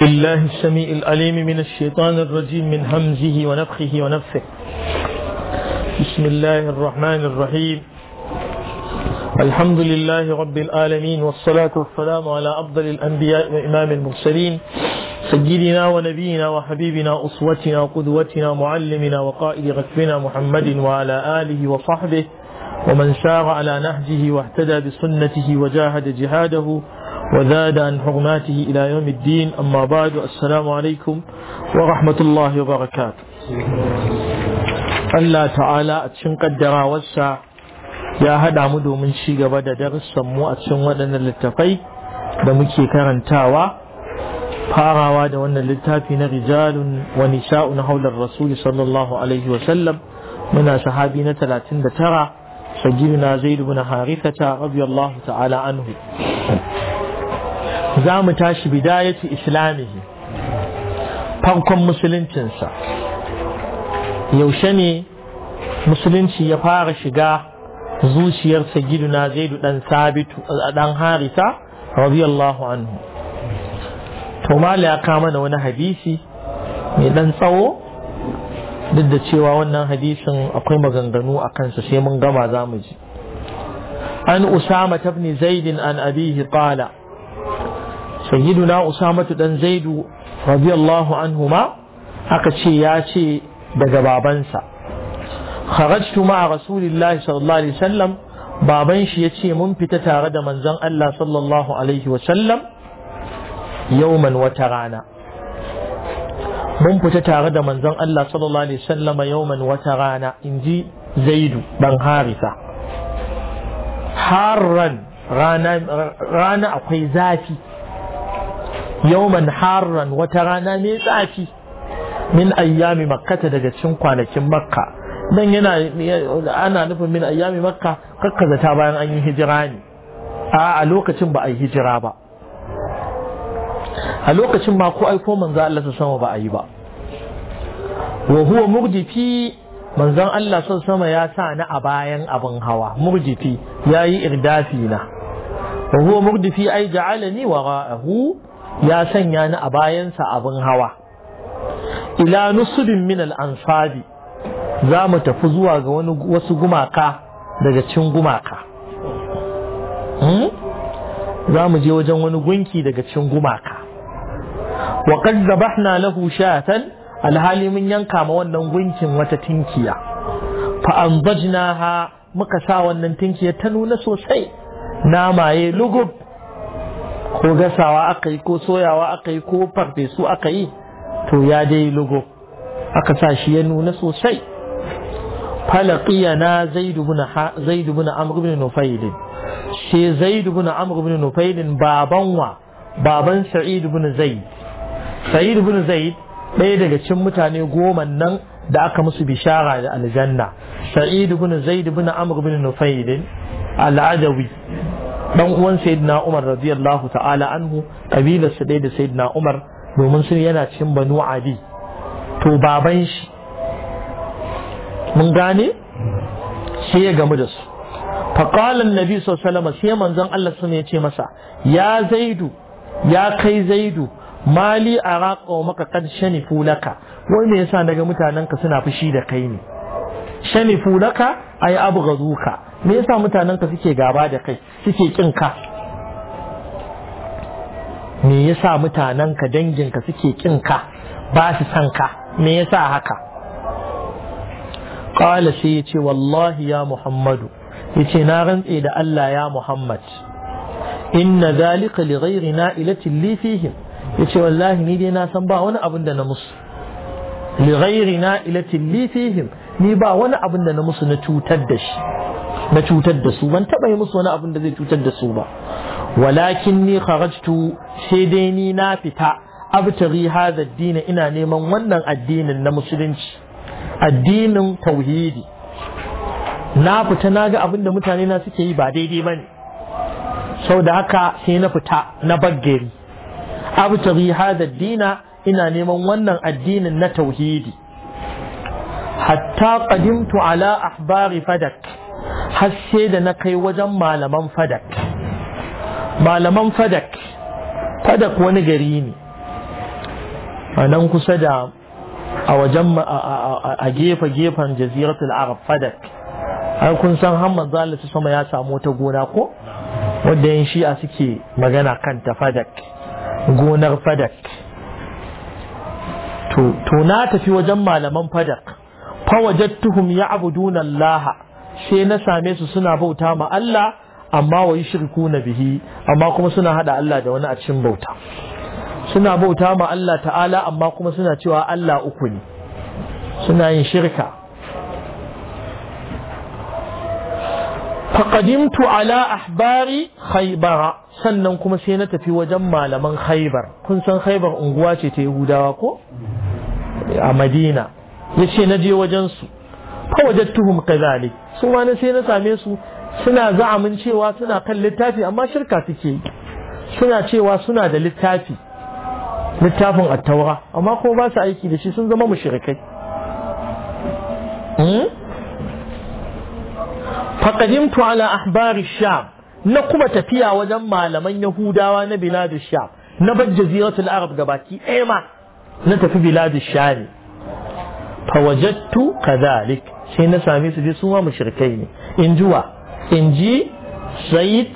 بالله السميع العليم من الشيطان الرجيم من همزه ونفخه ونفثه بسم الله الرحمن الرحيم الحمد لله رب العالمين والصلاة والسلام على أفضل الأنبياء وإمام المرسلين سيدنا ونبينا وحبيبنا أسوتنا وقدوتنا معلمنا وقائد غتبنا محمد وعلى آله وصحبه ومن سار على نهجه واهتدى بسنته وجاهد جهاده وزاد عن حرماته إلى يوم الدين أما بعد السلام عليكم ورحمة الله وبركاته الله تعالى أتشن قدر وسع يا هذا عمدو من شي قبدا درس سمو أتشن ودن للتقي دمكي كارن تاوى فارا واد ون للتافين رجال ونساء حول الرسول صلى الله عليه وسلم من صحابين ثلاثين ترى سجلنا زيد بن حارثة رضي الله تعالى عنه za mu tashi bidayati islamihi farkon musuluncinsa yaushe ne musulunci ya fara shiga zuciyar sagiduna zaidu dan sabitu dan harisa radiyallahu anhu to mala ya kama da wani hadisi mai dan tsawo duk da cewa wannan hadisin akwai maganganu a kansa sai mun gama za mu ji an usama tafni zaidin an abihi qala sayyiduna usamatu dan zaidu radiyallahu ma aka ce ya ce daga babansa kharajtu ma'a rasulillahi sallallahu alaihi wasallam baban shi ya ce mun fita tare da manzon Allah sallallahu alaihi wasallam yauman wata rana mun fita tare da manzon Allah sallallahu alaihi wasallam yauman wata rana inji zaidu dan harisa haran rana akwai zafi yawman harran wata rana mai tsafi min ayyami makkata daga cikin kwanakin makka nan yana ana nufin min ayyami makka kazata bayan an yi hijira ne a a lokacin ba a yi hijira ba a lokacin ma ko aiko manzo Allah ta sama ba a yi ba wa huwa murjifi manzon Allah sun sama ya sa ni a bayan abin hawa murjifi ya yi irdafi na wa huwa murjifi ai ja'alani wara'ahu ya sanya ni a bayansa abin hawa ila nusubin min al za mu tafi zuwa ga wani wasu gumaka daga cin gumaka hmm? za mu je wajen wani gunki daga cin gumaka wa qad zabahna lahu shatan alhali mun yanka ma wannan gunkin wata tinkiya fa anbajnaha muka sa wannan tinkiya ta nuna sosai namaye lugub ko gasawa aka yi ko soyawa aka yi ko farfesu aka yi to ya dai lugo aka sa shi ya nuna sosai falaqiya na zaidu bin amr bin nufailin shi zaidu bin amr bin nufailin baban wa baban sa'id bin zaid sa'id bin zaid ɗaya daga cikin mutane goma nan da aka musu bishara da aljanna sa'id bin zaid bin amr bin nufailin al'adawi dan uwan sayyidina Umar radiyallahu ta'ala anhu kabilar su da sayyidina Umar domin sun yana cikin Banu Adi to baban shi mun gane sai ya gamu da su فقال النبي sallallahu alaihi sai manzon Allah sun ya ce masa ya zaidu ya kai zaidu mali araqa wa maka kad shani fulaka wai me yasa daga mutanen ka suna fushi da kai ne shani fulaka ay abghaduka me yasa mutanen ka suke gaba da kai suke kin ka me yasa mutanen ka dangin ka suke kin ka ba su san ka me yasa haka qala sai yace wallahi ya muhammadu yace na rantse da Allah ya muhammad inna zalika li ghairi na'ilatin li fihim yace wallahi ni dai na san ba wani abin da na musu li ghairi na'ilatin li fihim ni ba wani abin da na musu na cutar da shi na cutar da su ban taɓa yi musu wani abin da zai cutar da su ba walakin ni kharajtu sai dai ni na fita abtari hadha ad-din ina neman wannan addinin na musulunci addinin tauhidi na fita na ga abin da mutane na suke yi ba daidai bane sau da haka sai na fita na baggari abtari hadha ad-din ina neman wannan addinin na tauhidi hatta qadimtu ala ahbari fadak har sai da na kai wajen malaman fadak malaman fadak fadak wani gari ne a nan kusa da a wajen a gefe-gefen jaziratul arab fadak har kun san hamman zalisa sama ya samu ta gona ko wadda yin a suke magana kanta fadak gonar fadak to na tafi wajen malaman fadak fawajattuhum ya abudunan laha sai na same su suna bauta ma Allah amma wa yushriku na bihi amma kuma suna hada Allah da wani a cikin bauta suna bauta ma Allah ta'ala amma kuma suna cewa Allah uku ne suna yin shirka faqadimtu ala ahbari khaybar sannan kuma sai na tafi wajen malaman khaybar kun san khaybar unguwa ce ta yahudawa ko a madina yace na je wajen su fa wajadtuhum kadhalik su ma ne sai na same su suna za'amin cewa suna kan littafi amma shirka suke suna cewa suna da littafi littafin attaura amma ko ba su aiki da shi sun zama mushrikai hmm? faqadimtu ala ahbari sham na kuma tafiya wajen malaman yahudawa na biladu sham na bar jaziratul arab gabaki ɗaya ma na tafi biladu sham fa fawajattu kadhalik sai na same su dai su ma mushrikai ne in jiwa in ji Said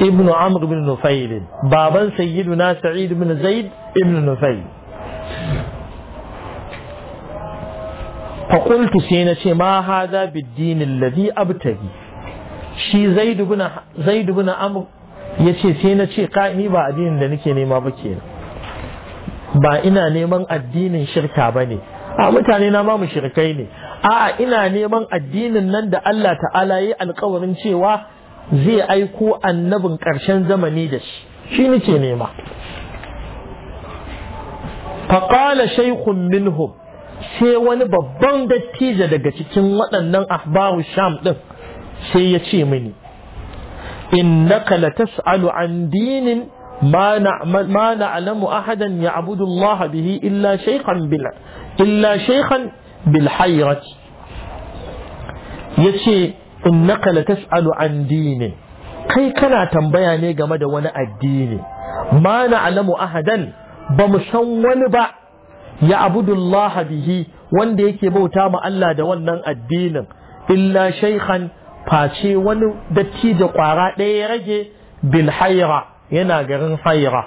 ibn Amr ibn Nufail baban sayyiduna Sa'id ibn Zaid ibn Nufail ce ma ما bid-din alladhi أبتغي shi zaid ibn zaid ibn amr yace sai na ce ka ni ba addinin da nake nema ba kenan ba ina neman addinin shirka bane a mutane na ma mushrikai ne a'a ina neman addinin nan da Allah ta'ala yi alkawarin cewa zai aiko annabin ƙarshen zamani da shi shi nake nema faƙala shaikhun minhum sai wani babban dattijo daga cikin waɗannan ahbaru sham ɗin sai ya ce mini innaka la tas'alu mana alamu ma na'lamu ahadan ya'budu Allah bihi illa shaykhan illa shaykhan bil hayrati yace innaka latas'alu an dini, kai kana tambaya ne game da wani addini ma alamu ahadan ba mu san wani ba ya abudullaha bihi wanda yake bauta ma Allah da wannan addinin illa shaykhan face wani dattijo kwara ɗaya ya rage bil yana garin haira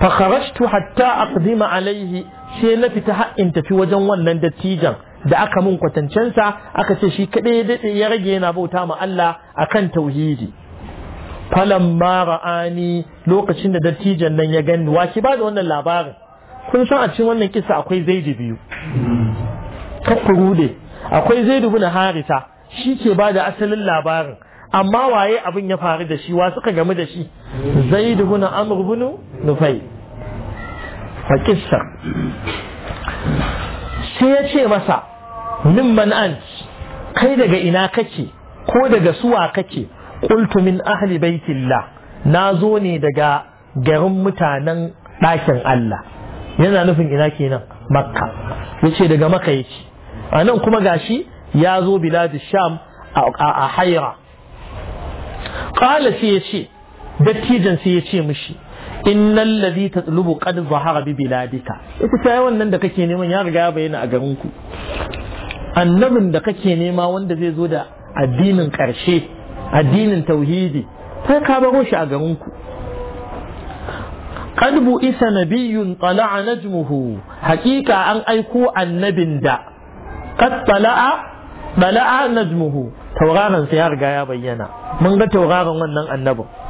fa kharajtu hatta aqdima alayhi sai na fita har in tafi wajen wannan dattijan da aka mun kwatancensa aka ce shi kaɗai daɗe ya rage yana bauta ma Allah a kan tauhidi falan ra'ani lokacin da dattijan nan ya gani wa ki ba da wannan labarin kun san a cikin wannan kisa akwai zaidu biyu kakkurude akwai zaidu bin harisa shi ke ba da asalin labarin amma waye abin ya faru da shi wa suka gamu da shi zaidu bin amr bin nufai a sai ya ce masa min man an kai daga ina kake ko daga suwa kake qultu min ahli baitillah nazo ne daga garin mutanen ɗakin Allah yana nufin ina kenan makka yace daga makka yace anan kuma gashi ya zo biladi sham a haira Ƙala sai yace dattijan sai yace mishi innal ladhi tatlubu qad zahara bi biladika ita ta wannan da kake neman ya riga bayyana a garin ku annabin da kake nema wanda zai zo da addinin karshe addinin tauhidi sai ka bago shi a garin ku qad bu'isa nabiyyun tala'a najmuhu haqiqa an aiko annabin da qad tala'a tala'a najmuhu tauraron sa ya riga ya bayyana mun ga tauraron wannan annabin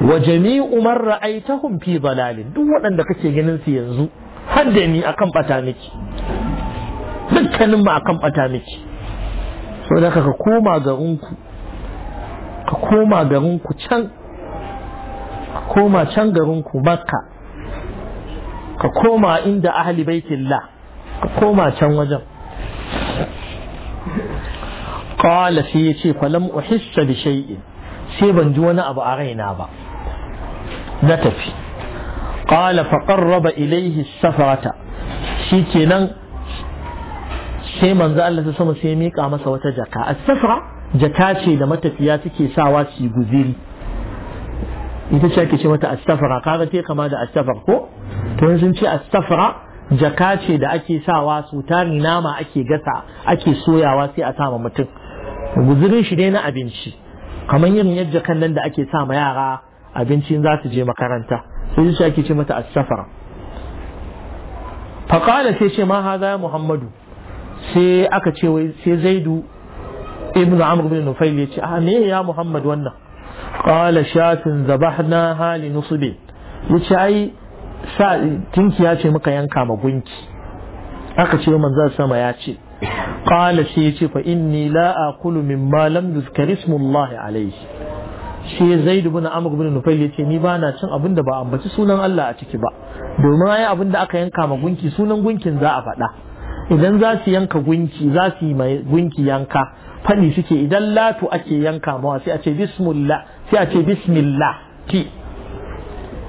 wa jami'u man ra'aytahum fi dalalin duk waɗanda kake ganin su yanzu har da ni akan bata miki dukkanin mu akan bata miki saboda ka koma garin ku ka koma garin ku can ka koma can garin ku makka ka koma inda ahli baitillah ka koma can wajen qala sai yace falam uhissa bi shay'in sai ban ji wani abu a raina ba na tafi qala fa qarraba ilayhi safarata kenan sai manzo Allah ta sama sai mika masa wata jaka a safara, jaka ce da matafiya suke sawa su guziri ita ce ake ce mata astafara safra kaga te kama da as ko to sun ce astafara jaka ce da ake sawa su tari nama ake gasa ake soyawa sai a sama mutum guzurin shi dai na abinci kamar irin yadda kan nan da ake sama yara abincin za su je makaranta sai shi ake ce mata as-safara faƙala sai ce ma haza ya muhammadu sai aka ce wai sai zaidu ibn amr bin nufail ya ce a ah, me ya muhammad wannan Ƙala shafin zabahna hali Ya ce ai sa tinki ya ce muka yanka ma gunki aka ce manzo sama ya ce Ƙala sai ya ce fa inni la min mimma lam yuzkar ismullahi alaihi. shi na ibn bin nufai ya ce ni ba na cin abin da ba ambaci sunan Allah a ciki ba domin ai abin da aka yanka ma gunki sunan gunkin za a faɗa idan za su yanka gunki za su yi mai gunki yanka fani suke idan latu ake yanka mawa sai a ce bismillah sai a ce bismillah ti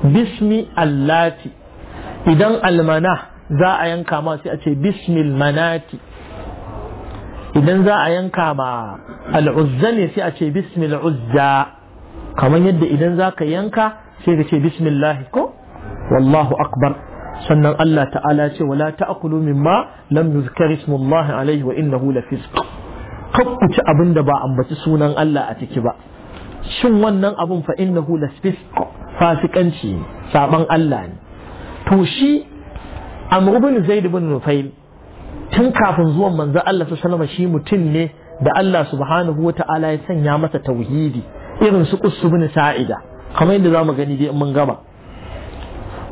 bismi allati idan almana za a yanka ma sai a ce bismil manati idan za a yanka ma al'uzza ne sai a ce bismil uzza kamar yadda idan za ka yanka sai ka ce bismillah ko wallahu akbar sannan Allah ta'ala ce wala ta'kulu mimma lam yuzkar ismullahi alaihi wa innahu lafisq kar ku ci abin da ba ambaci sunan Allah a ciki ba shin wannan abun fa innahu fasikanci ne saban Allah ne to shi amr ibn zaid ibn nufail tun kafin zuwan manzon Allah sallallahu alaihi wasallam shi mutum ne da Allah subhanahu wa ta'ala ya sanya masa tauhidi irin su qussu bin sa'ida kamar yadda zamu gani dai mun gama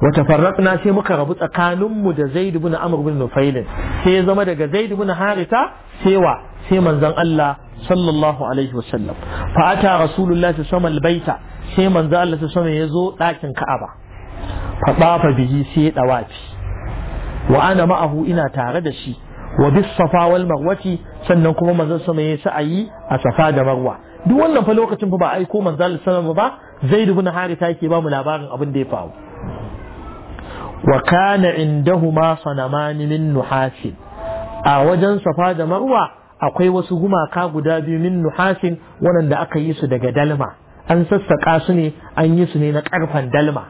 wa tafarraqna sai muka rabu tsakaninmu da zaid bin amr bin nufailin. sai ya zama daga zaid bin harita sai wa sai manzon Allah sallallahu alaihi wasallam fa ata rasulullahi sallallahu alaihi wasallam sai manzon Allah sallallahu ya zo ɗakin ka'aba fa dafa bihi sai ya dawafi wa ana ma'ahu ina tare da shi wa bis safa wal marwati sannan kuma manzon sama ya ayi a safa da marwa duk wannan fa lokacin fa ba aiko manzon sallallahu ba zaid ibn harita yake ba mu labarin abin da ya faru wa kana indahuma sanamani min nuhasin a wajen safa da marwa akwai wasu gumaka guda biyu min nuhasin waɗanda aka yi su daga dalma an sassaƙa su ne an yi su ne na ƙarfen dalma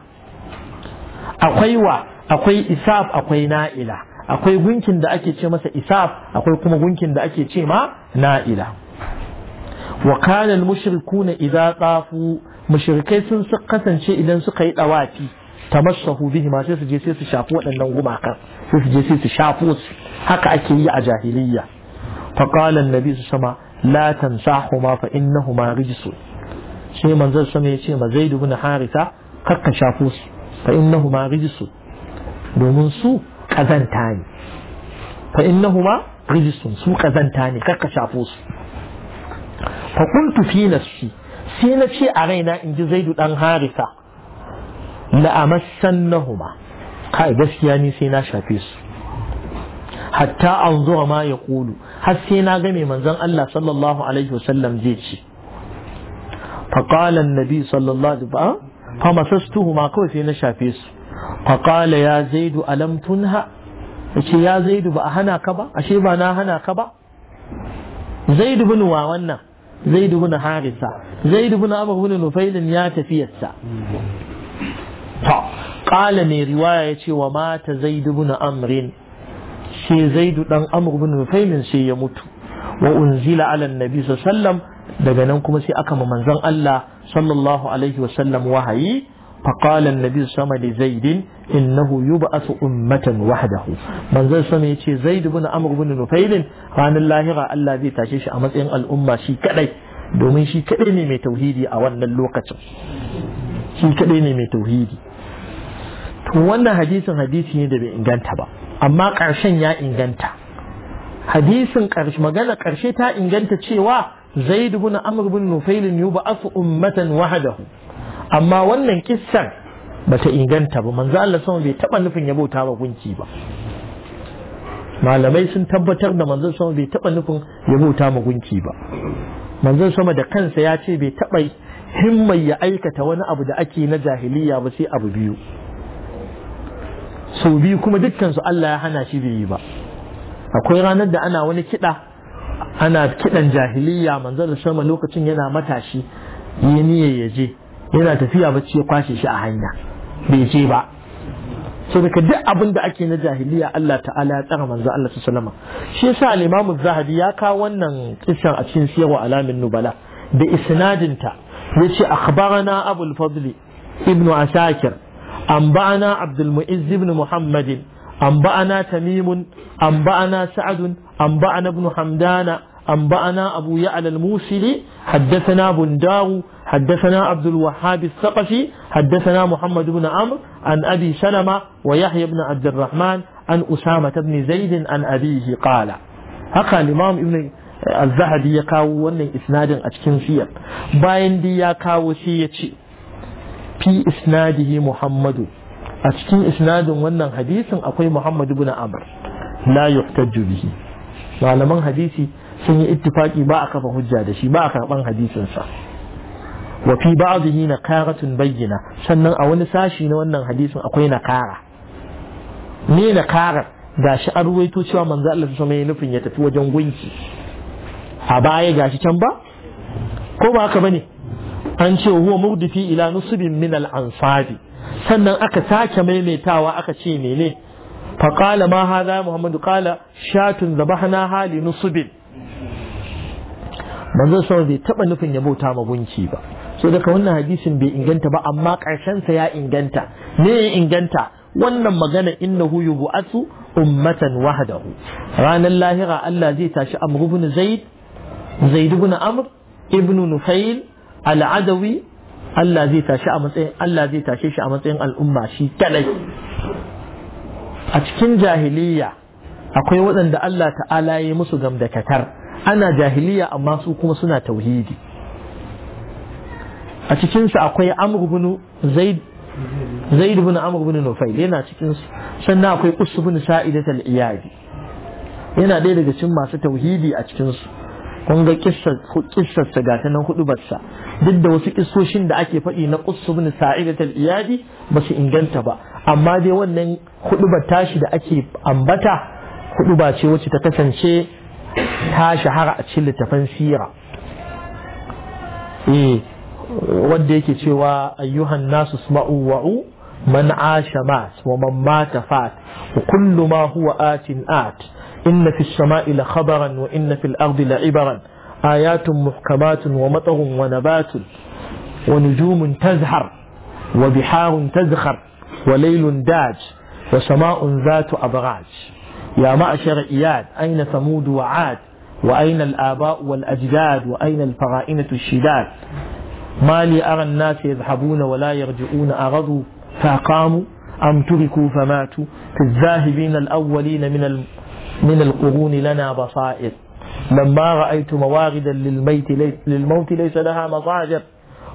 akwai wa akwai isaf akwai na'ila akwai gunkin da ake ce masa isaf akwai kuma gunkin da ake ce ma na'ila wa kana al-mushrikuna idza tafu mushrikai sun kasance idan suka yi dawafi tamassahu bihi ma sai su je sai su shafi waɗannan gumakan sai su je sai su shafu su haka ake yi a jahiliyya fa qala an-nabi sama la ma fa ma rijsu sai manzo sama ya ce ma zaid ibn harisa kakka shafu su fa ma rijsu domin su ƙazanta ne fa innahuma rijisun su ƙazanta ne kakka shafo su fa kuntu fi nafsi sai na ce a raina in ji zaidu dan harisa la amassannahuma kai gaskiya ni sai na shafe su hatta an zuwa ma ya ƙulu har sai na ga mai manzon Allah sallallahu alaihi wasallam zai ce فقال النبي صلى الله عليه وسلم فمسستهما كوي سينا شافيسو فقال يا زيد ألم تنهى yace ya zaidu ba a hana ka ba ashe ba na hana ka ba zaidu bin wa wannan zaidu bin harisa zaidu bin amr bin nufailin ya tafiyarsa to qala mai riwaya yace wa mata zaidu bin amrin sai zaidu dan amr bin nufailin sai ya mutu wa unzila ala annabi daga nan kuma sai aka ma manzon Allah sallallahu wahayi فقال النبي صلى الله عليه وسلم لزيد إنه يبعث أمة وحده من زي سمي يتي زيد بن عمرو بن نفيل عن الله غا الله ذي تاشيش أمس إن الأمة شي كدي دومين شي كدي ني مي توحيدي أولا اللوكة شي كدي ني مي توحيدي to wannan hadisin hadisi ne da bai inganta ba amma ƙarshen ya inganta hadisin ƙarshe magana ƙarshe ta inganta cewa zaid bin amr ibn nufail yub'athu ummatan wahdahu amma wannan kissan ta inganta ba manzo Allah sama bai taba nufin ya bauta wa gunki ba malamai sun tabbatar da manzon sama bai taba nufin ya bauta ma gunki ba manzon sama da kansa ya ce bai taba himmai ya aikata wani abu da ake na jahiliya ba sai abu biyu sau biyu kuma dukkansu Allah ya hana shi bai yi ba akwai ranar da ana wani kiɗa ana kiɗan jahiliya manzon sama lokacin yana matashi yi niyyar ya je yana tafiya bacci ya kwashe shi a hanya bai je ba so daga duk abin da ake na jahiliya Allah ta'ala ya tsara manzo Allah su salama shi yasa al-Imam Zahabi ya kawo wannan kisan a cikin siyarwa alamin nubala da isnadinta yace akhbarana Abu al-Fadl ibn Asakir anba'ana Abd al-Mu'izz ibn Muhammad anba'ana Tamim anba'ana Sa'd anba'ana ibn Hamdana anba'ana Abu Ya'la al-Musili حدثنا بندار حدثنا عبد الوهاب الثقفي حدثنا محمد بن عمرو عن أبي سلمة ويحيى بن عبد الرحمن عن أسامة بن زيد عن أبيه قال هكا الإمام ابن الذهبي يكاو ون إسناد أتكن سير باين دي يكاو سيتي في إسناده محمد أتكن إسناد ون حديث أقوي محمد بن عمرو لا يحتج به malaman hadisi sun yi ittifaki ba a kafa hujja da shi ba a karban hadisin sa wa fi ba'dihi nakaratun bayyina sannan a wani sashi na wannan hadisin akwai nakara ne nakara gashi an ruwaito cewa manzo Allah Sama alaihi nufin ya tafi wajen gunki a baya gashi can ba ko ba haka bane an ce huwa murdifi ila nusubin min al sannan aka sake maimaitawa aka ce mene فقال ما muhammadu محمد قال zabahna hali nusubin. manzon sama bai taba nufin ya bauta ma gunki ba so daga wannan hadisin bai inganta ba amma karshen sa ya inganta ne ya inganta wannan magana innahu yub'atsu ummatan wahdahu ranar lahira Allah zai tashi Amr ibn Zaid Zaid ibn Amr ibn Nufail al-Adawi Allah zai tashi a matsayin Allah zai tashe shi a matsayin al'umma shi kadai a cikin jahiliya akwai waɗanda Allah ta'ala ya musu gamdakatar ana jahiliya amma su kuma suna tauhidi a cikinsu akwai amr bin zaid zaid bin amr bin nufail yana cikinsu sannan akwai usu bin sa'idat al-iyadi yana ɗaya daga cikin masu tauhidi a cikinsu kun ga kissarsa ga ta nan hudu barsa duk da wasu kissoshin da ake faɗi na usu bin sa'idat al-iyadi ba su inganta ba amma dai wannan hudu tashi da ake ambata hudu ba ce wacce ta kasance ta shahara a cikin littafin sira eh wanda yake cewa ayyuhan nasu sma'u wa'u man asha mat wa man mata fat wa kullu ma huwa atin at inna fi samai la khabaran wa inna fil ardi la ibaran ayatun muhkamatun wa matarun wa nabatun wa nujumun tazhar wa biharun tazhar wa laylun daj wa sama'un zatu abraj يا معشر إياد أين ثمود وعاد وأين الآباء والأجداد وأين الفرائنة الشداد ما لي أرى الناس يذهبون ولا يرجعون أغضوا فأقاموا أم تركوا فماتوا في الذاهبين الأولين من من القرون لنا بصائر لما رأيت مواردا للميت ليس للموت ليس لها مصاجر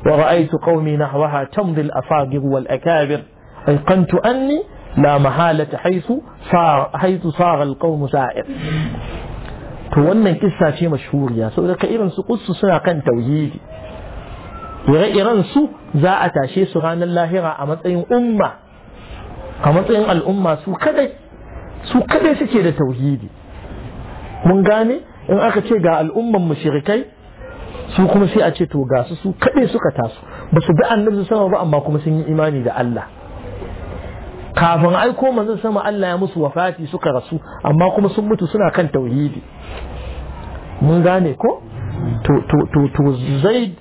ورأيت قومي نحوها تمضي الأصاغر والأكابر أيقنت أني la mahalata haisu haisu صار القوم سائر to wannan kissa ce mashhuriya saboda ka irin su qussu suna kan tauhidi ire-iren su za a tashe su ranar lahira a matsayin umma a matsayin al'umma su kadai su kadai suke da tauhidi mun gane in aka ce ga al'umman mushrikai su kuma sai a ce to ga su su kadai suka taso ba su bi annabi sama ba amma kuma sun yi imani da Allah kafin aiko manzon sama Allah ya musu wafati suka rasu amma kuma sun mutu suna kan tauhidi mun gane ko to to to to Zaid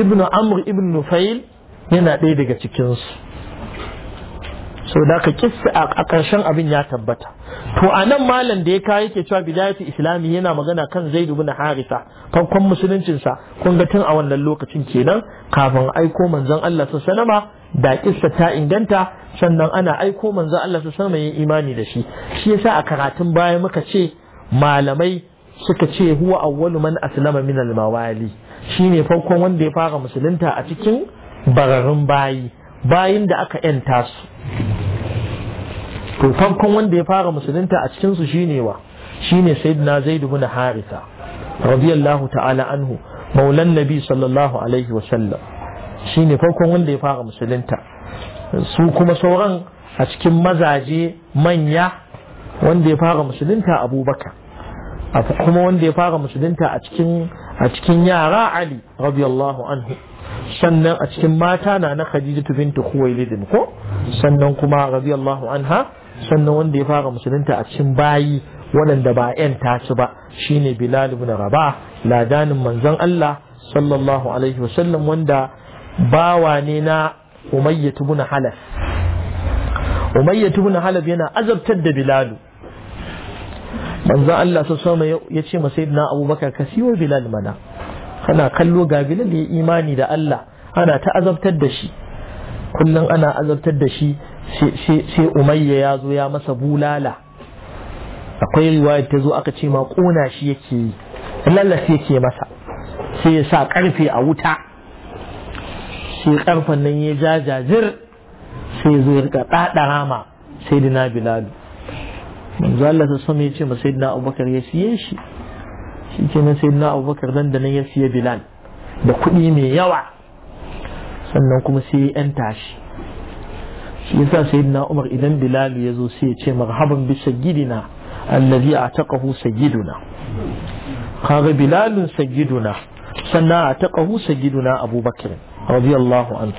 ibn Amr ibn Nufail yana ɗaya daga cikin su so da ka kissa a ƙarshen abin ya tabbata to a nan malam da ya kai yake cewa bidayatu islami yana magana kan Zaid ibn Haritha farkon musuluncinsa kun ga tun a wannan lokacin kenan kafin aiko manzon Allah sallallahu alaihi wasallama da kissa ta inganta sannan ana aiko manzo Allah su sama yin imani da shi shi yasa a karatun baya muka ce malamai suka ce huwa awwalu man aslama min al-mawali shine farkon wanda ya fara musulunta a cikin bararun bayi bayin da aka yanta su to farkon wanda ya fara musulunta a cikin su shine wa shine sayyidina zaid ibn haritha radiyallahu ta'ala anhu maulan nabi sallallahu alaihi wa sallam shine farkon wanda ya fara musulunta su kuma sauran a cikin mazaje manya wanda ya fara musulunta abubakar kuma wanda ya fara musulunta a cikin yara ali radiyallahu anhu sannan a cikin mata na na khadija bintu khuwailid ko sannan kuma radiyallahu anha sannan wanda ya fara musulunta a cikin bayi waɗanda ba 'yan tasu ba shine bilal ibn Raba, ladanin manzon Allah sallallahu alaihi wasallam wanda bawa ne na umayya ibn halaf umayya ibn halaf yana azabtar da bilalu manzo Allah su sama ya ce ma sayyidina abubakar ka siyo bilal mana kana kallo ga bilal ya imani da Allah ana ta azabtar da shi kullum ana azabtar da shi sai umayya ya zo ya masa bulala akwai riwaya ta zo aka ce ma kona shi yake yi lallace yake masa sai ya sa karfe a wuta sai karfan nan ya jajajir sai zo ya rika ɗaɗara ma sai dina bilalu manzo Allah ta sama ya ce ma sai dina abubakar ya siye shi shi ke nan sai dina abubakar nan da nan ya siye bilal da kuɗi mai yawa sannan kuma sai ya yanta shi shi yasa sai dina umar idan bilalu ya zo sai ya ce marhaban bi sayyidina allazi ataqahu sayyiduna kaga bilalun sayyiduna sannan ataqahu sayyiduna abubakar رضي الله عنه